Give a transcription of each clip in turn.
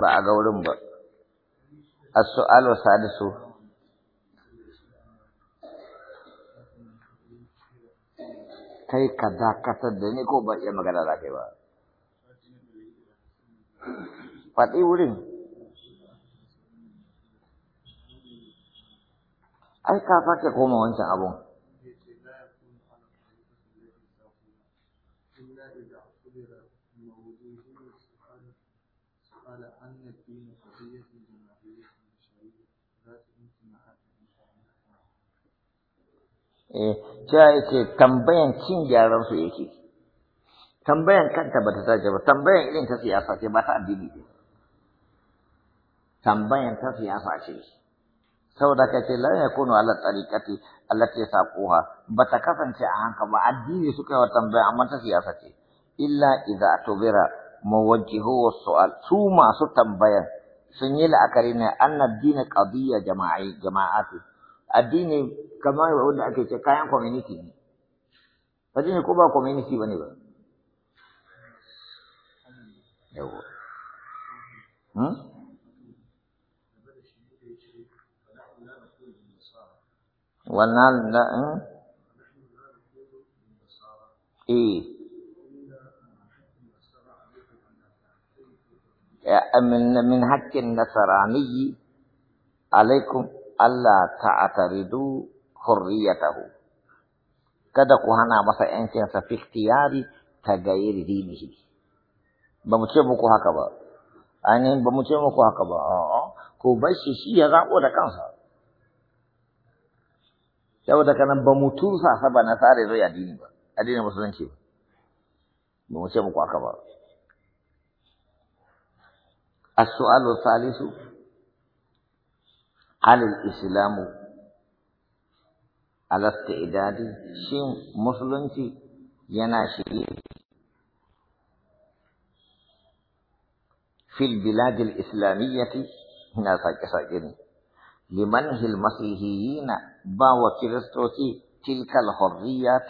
ba a ga wurin ba as alu sadisu kai ka dakatar da ni ko ba iya magana da kai ba faɗi wurin ai ka sake koma wancan abun قال أن الدين قضية جماهيرية بشرية ذات انتماءات Eh, cewa yake tambayan cin gyaran su yake, tambayan kanta ba ta tace ba, tambayan irin ta siyasa ce ba ta addini ce. Tambayan ta siyasa ce, saboda ka ce lai ya kunu ala tsarikati Allah ce saƙoha, ba ta kasance a hanka ba addini suka yi wa tambaya amma ta siyasa ce, illa idza tubira muwajjihu su'al su masu tambayan sun yi la'akari ne anna dini qadiyya jama'i jama'ati addini kamar wanda ake ce kayan community ne addini ko ba community bane ba yawa hmm wannan da hmm? eh من من حق النصراني عليكم ألا تعترضوا حريته kada ku hana masa ‘yancinsa fi ikhtiyari ta gayir dinihi ba mu ce muku haka ba ainihin ba mu ce muku haka ba ko bar shi shi ya zaɓo da kansa da kanan ba mu tusa saba na sare zo dini ba addinin musulunci ba ba mu ce muku haka ba السؤال الثالث هل الإسلام على استعداد شيء مسلم يناشي في البلاد الإسلامية هنا لمنه المسيحيين باو كريستوسي تلك الحريات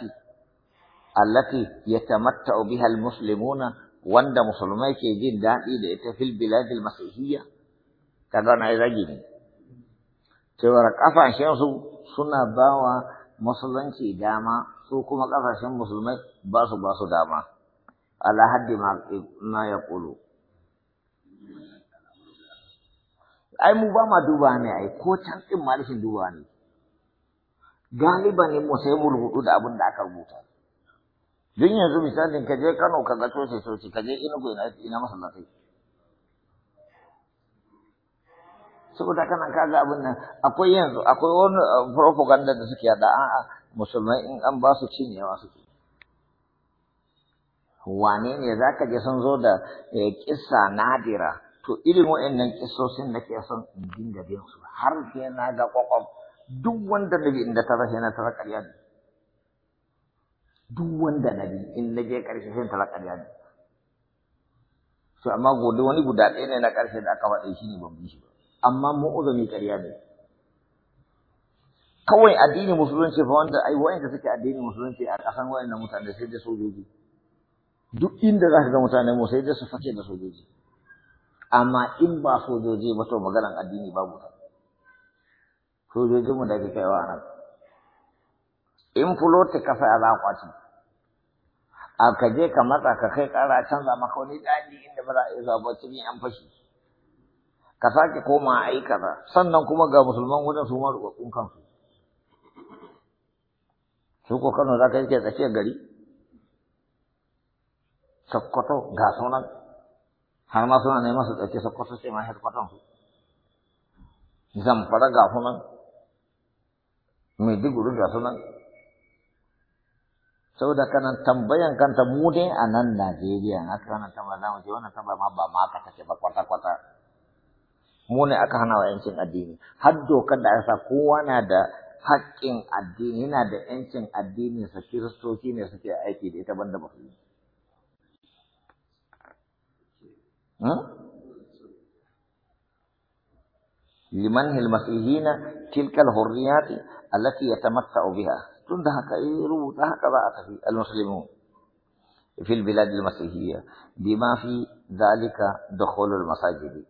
التي يتمتع بها المسلمون wanda musulmai ke jin daɗi da ita fil biladil masihiyya kaga na zagi ne cewar kafashen su suna bawa musulunci dama su kuma kafashen musulmai ba su ba su dama ala haddi ma ya kulu ai mu ba ma duba ne ai ko can din ma rashin duba ne galiba ne mu sai mu rubutu da abin da aka rubuta don yanzu misalin ka je Kano ka ga coci coci ka je Enugu ina ina masallatai saboda kana kaga abin nan akwai yanzu akwai wani eh, propaganda da suke yada a'a musulmai in an ba su cinyewa suke wane ne za ka je sun zo da eh, kissa nadira to irin wa'annan kisosin da ke son in dinga bin su har sai na ga kwakwam duk wanda nabi inda ta rashe na ta ƙarya ne duk wanda na bi in na je ƙarshe sai ta ya ne to amma gobe wani guda ɗaya ne na ƙarshe da aka faɗe shi ne ban bi shi ba amma mu'uzumi ƙarya ne kawai addinin musulunci fa wanda ai wanda suke addinin musulunci a kasan wayannan mutane sai da sojoji duk inda za ka ga mutane mu sai da su fake da sojoji amma in ba sojoji ba to maganar addini babu ta sojojinmu da ke kaiwa a nan in fuloti kasa a zakwati a ka je ka matsa ka kai kara canza maka wani daji inda ba za a yi zabaci ne an fashi ka sake koma a yi kaza sannan kuma ga musulman wajen su maru rubabbun kansu su ko kano za ka yi ke tsakiyar gari sakkwato ga sunan har ma suna neman su ɗauki sakkwato sai ma hirkwatan su zamfara ga sunan maiduguri ga sunan saboda kanan tambayan kanta mu dai a nan Najeriya na kana tambaya za mu ce wannan tambaya ma ba ma ka ba kwata kwata mu ne aka hana wa yancin addini har dokar da aka sa kowa na da haƙƙin addini yana da yancin addini sa kiristoci ne suke aiki da ita banda musulmi hmm? liman hil masihina tilkal hurriyati allati yatamatta'u biha تندها كاير في المسلمون في البلاد المسيحية بما في ذلك دخول المساجد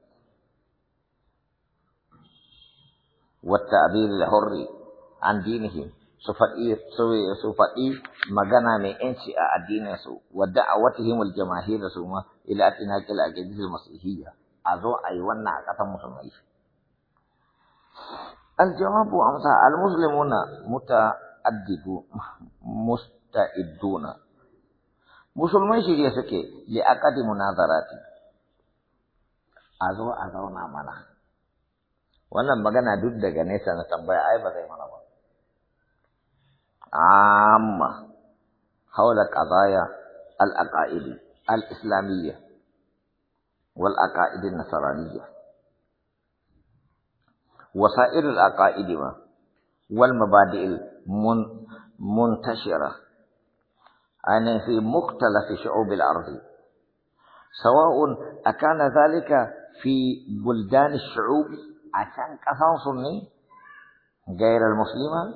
والتعبير الحر عن دينهم سوف اي مغنى من انشاء الدين سو ودعوتهم الجماهير سوما الى اتناك الاجهزة المسيحية اذو اي ونع قتم الجواب امسا المسلمون متأ مستعددون مستعدون musulmai shirye suke li'aqadi munazarati a zo a zauna mana wannan magana duk daga nesa na tambaya ai ba zai mana ba amma haula qadaya al-aqaidi al-islamiyya wal aqaid an-nasraniyya وسائر العقائد ما والمبادئ المنتشرة يعني في مختلف شعوب الأرض سواء أكان ذلك في بلدان الشعوب عشان كثان غير المسلمة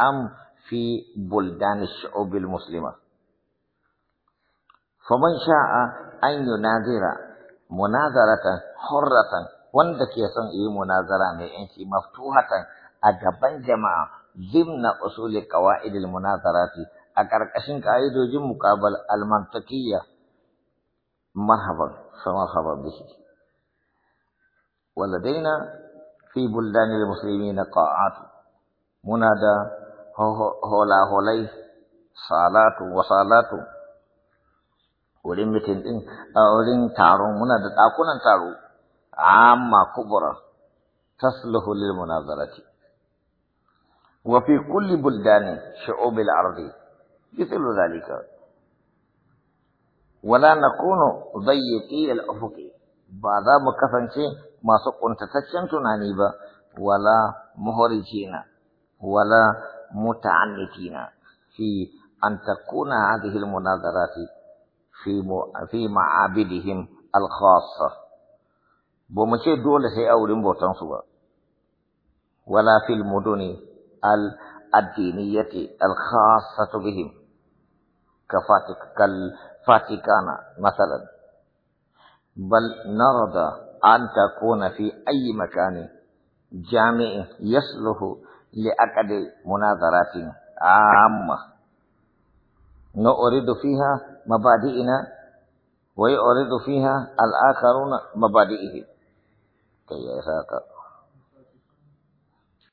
أم في بلدان الشعوب المسلمة فمن شاء أن يناظر مناظرة حرة وندك يسن إي مناظرة من يعني مفتوحة a gaban jama'a zimna usuli qawaidil munazarati a karkashin ka'idojin muqabal al-mantiqiyya marhaban samarhaba bihi waladaina fi buldanil muslimina qa'at munada hola holai salatu wa salatu wurin mitin din a wurin taron muna da dakunan taro amma kubura tasluhu lil munazarati وفي كل بلدان شعوب الأرض مثل ذلك ولا نكون ضيقي الأفق بعضا مكفنشي ما سقون تتشن نانيبا ولا مهرجين ولا متعنتين في أن تكون هذه المناظرات في في معابدهم الخاصة بومشي دول هي أولين بوتنسوا ولا في المدن الدينية الخاصة بهم كفاتك كالفاتيكان مثلا بل نرضى أن تكون في أي مكان جامع يصلح لأكد مناظرات عامة نؤرد فيها مبادئنا ويؤرد فيها الآخرون مبادئهم كي يساقط